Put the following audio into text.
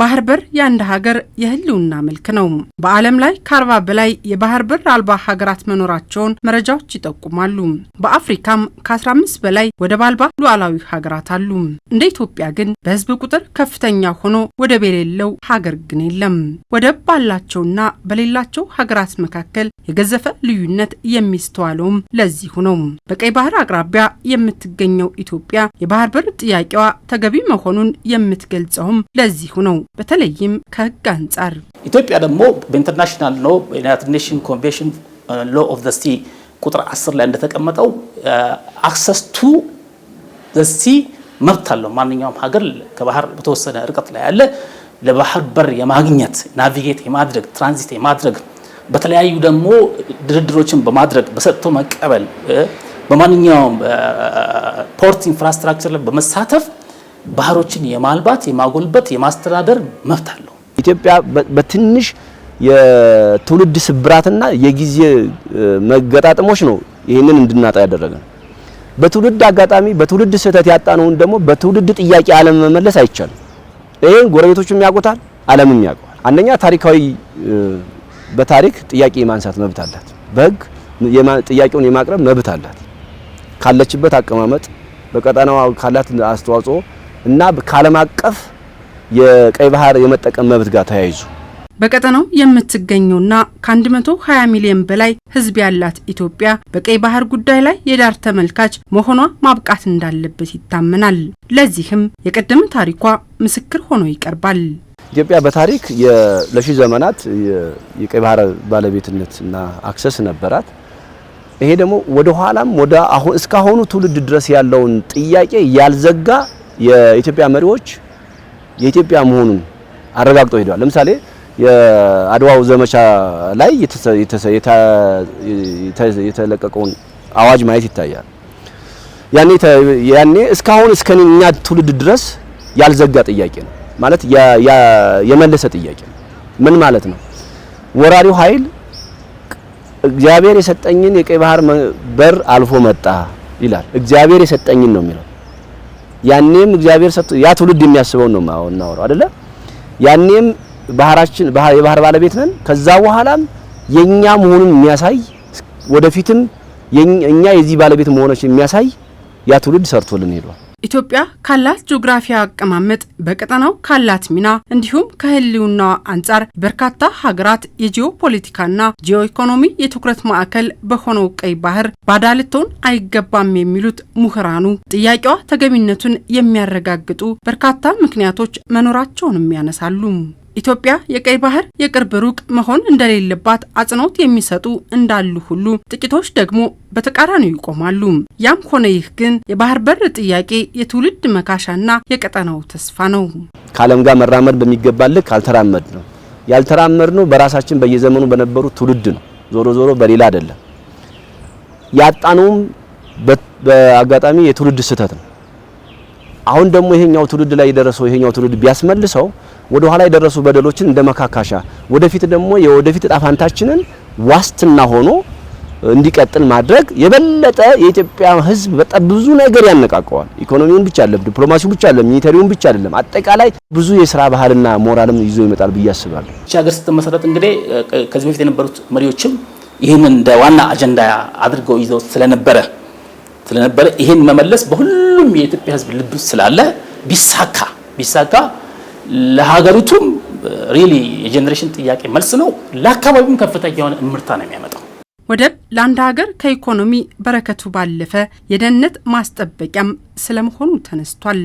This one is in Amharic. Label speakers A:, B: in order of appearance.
A: ባህር በር የአንድ ሀገር የህልውና መልክ ነው። በዓለም ላይ ከአርባ በላይ የባህር በር አልባ ሀገራት መኖራቸውን መረጃዎች ይጠቁማሉ። በአፍሪካም ከ15 በላይ ወደብ አልባ ሉዓላዊ ሀገራት አሉ። እንደ ኢትዮጵያ ግን በህዝብ ቁጥር ከፍተኛ ሆኖ ወደብ የሌለው ሀገር ግን የለም። ወደብ ባላቸውና በሌላቸው ሀገራት መካከል የገዘፈ ልዩነት የሚስተዋለውም ለዚሁ ነው። በቀይ ባህር አቅራቢያ የምትገኘው ኢትዮጵያ የባህር በር ጥያቄዋ ተገቢ መሆኑን የምትገልጸውም ለዚሁ ነው። በተለይም ከህግ አንጻር
B: ኢትዮጵያ ደግሞ በኢንተርናሽናል ሎ ዩናይትድ ኔሽን ኮንቬንሽን ሎ ኦፍ ዘ ሲ ቁጥር 10 ላይ እንደተቀመጠው አክሰስ ቱ ዘ ሲ መብት አለው። ማንኛውም ሀገር ከባህር በተወሰነ ርቀት ላይ ያለ ለባህር በር የማግኘት ናቪጌት የማድረግ ትራንዚት የማድረግ በተለያዩ ደግሞ ድርድሮችን በማድረግ በሰጥቶ መቀበል በማንኛውም ፖርት ኢንፍራስትራክቸር ላይ በመሳተፍ ባህሮችን የማልባት የማጎልበት፣ የማስተዳደር መብት አለው።
C: ኢትዮጵያ በትንሽ የትውልድ ስብራትና የጊዜ መገጣጠሞች ነው ይህንን እንድናጣ ነው። በትውልድ አጋጣሚ በትውልድ ስህተት ያጣነውን ደግሞ በትውልድ ጥያቄ መመለስ አይቻልም። ይህን ጎረቤቶችም ያውቁታል፣ ዓለምም ያውቀዋል። አንደኛ ታሪካዊ በታሪክ ጥያቄ የማንሳት መብት አላት። በህግ ጥያቄውን የማቅረብ መብት አላት። ካለችበት አቀማመጥ በቀጠናዋ ካላት አስተዋጽኦ እና ከዓለም አቀፍ የቀይ ባህር የመጠቀም መብት ጋር ተያይዙ
A: በቀጠናው የምትገኘውና ከ120 ሚሊዮን በላይ ሕዝብ ያላት ኢትዮጵያ በቀይ ባህር ጉዳይ ላይ የዳር ተመልካች መሆኗ ማብቃት እንዳለበት ይታመናል። ለዚህም የቀደመ ታሪኳ ምስክር ሆኖ ይቀርባል።
C: ኢትዮጵያ በታሪክ ለሺ ዘመናት የቀይ ባህር ባለቤትነትና አክሰስ ነበራት። ይሄ ደግሞ ወደ ኋላም ወደ አሁን እስካሁኑ ትውልድ ድረስ ያለውን ጥያቄ ያልዘጋ የኢትዮጵያ መሪዎች የኢትዮጵያ መሆኑን አረጋግጠው ሄደዋል። ለምሳሌ የአድዋው ዘመቻ ላይ የተለቀቀውን አዋጅ ማየት ይታያል። ያኔ ያኔ እስካሁን እስከ እኛ ትውልድ ድረስ ያልዘጋ ጥያቄ ነው ማለት የመለሰ ጥያቄ ነው። ምን ማለት ነው? ወራሪው ኃይል እግዚአብሔር የሰጠኝን የቀይ ባህር በር አልፎ መጣ ይላል። እግዚአብሔር የሰጠኝን ነው የሚለው ያኔም እግዚአብሔር ሰጥቶ ያ ትውልድ የሚያስበው ነው እናወራው አይደለ? ያኔም ባህራችን የባህር ባለቤት ነን። ከዛ በኋላም የኛ መሆኑን የሚያሳይ ወደፊትም እኛ የዚህ ባለቤት መሆናችን የሚያሳይ ያ ትውልድ ሰርቶልን ሄዷል።
A: ኢትዮጵያ ካላት ጂኦግራፊያ አቀማመጥ በቀጠናው ካላት ሚና እንዲሁም ከህልውናዋ አንጻር በርካታ ሀገራት የጂኦ ፖለቲካና ጂኦ ኢኮኖሚ የትኩረት ማዕከል በሆነው ቀይ ባህር ባዳ ልትሆን አይገባም የሚሉት ምሁራኑ ጥያቄዋ ተገቢነቱን የሚያረጋግጡ በርካታ ምክንያቶች መኖራቸውንም ያነሳሉ። ኢትዮጵያ የቀይ ባህር የቅርብ ሩቅ መሆን እንደሌለባት አጽንኦት የሚሰጡ እንዳሉ ሁሉ ጥቂቶች ደግሞ በተቃራኒው ይቆማሉ። ያም ሆነ ይህ ግን የባህር በር ጥያቄ የትውልድ መካሻና የቀጠናው ተስፋ ነው።
C: ከዓለም ጋር መራመድ በሚገባ ልክ አልተራመድ ነው ያልተራመድ ነው በራሳችን በየዘመኑ በነበሩ ትውልድ ነው። ዞሮ ዞሮ በሌላ አይደለም። ያጣነውም በአጋጣሚ የትውልድ ስህተት ነው። አሁን ደግሞ ይሄኛው ትውልድ ላይ የደረሰው ይሄኛው ትውልድ ቢያስመልሰው ወደ ኋላ የደረሱ በደሎችን እንደ መካካሻ፣ ወደፊት ደግሞ የወደፊት እጣ ፋንታችንን ዋስትና ሆኖ እንዲቀጥል ማድረግ የበለጠ የኢትዮጵያ ሕዝብ በጣም ብዙ ነገር ያነቃቀዋል። ኢኮኖሚውን ብቻ አይደለም፣ ዲፕሎማሲው ብቻ አይደለም፣ ሚሊተሪውን ብቻ አይደለም፣ አጠቃላይ ብዙ የስራ ባህልና ሞራልም ይዞ ይመጣል ብዬ አስባለሁ።
B: ይቺ ሀገር ስትመሰረት እንግዲህ ከዚህ በፊት የነበሩት መሪዎችም ይህን እንደ ዋና አጀንዳ አድርገው ይዘው ስለነበረ ስለነበረ ይህን መመለስ በሁሉም የኢትዮጵያ ሕዝብ ልብ ስላለ ቢሳካ ቢሳካ ለሀገሪቱም ሪሊ የጀኔሬሽን ጥያቄ መልስ ነው። ለአካባቢውም ከፍተኛ የሆነ እምርታ ነው የሚያመጣው።
A: ወደብ ለአንድ ሀገር ከኢኮኖሚ በረከቱ ባለፈ የደህንነት ማስጠበቂያም ስለመሆኑ ተነስቷል።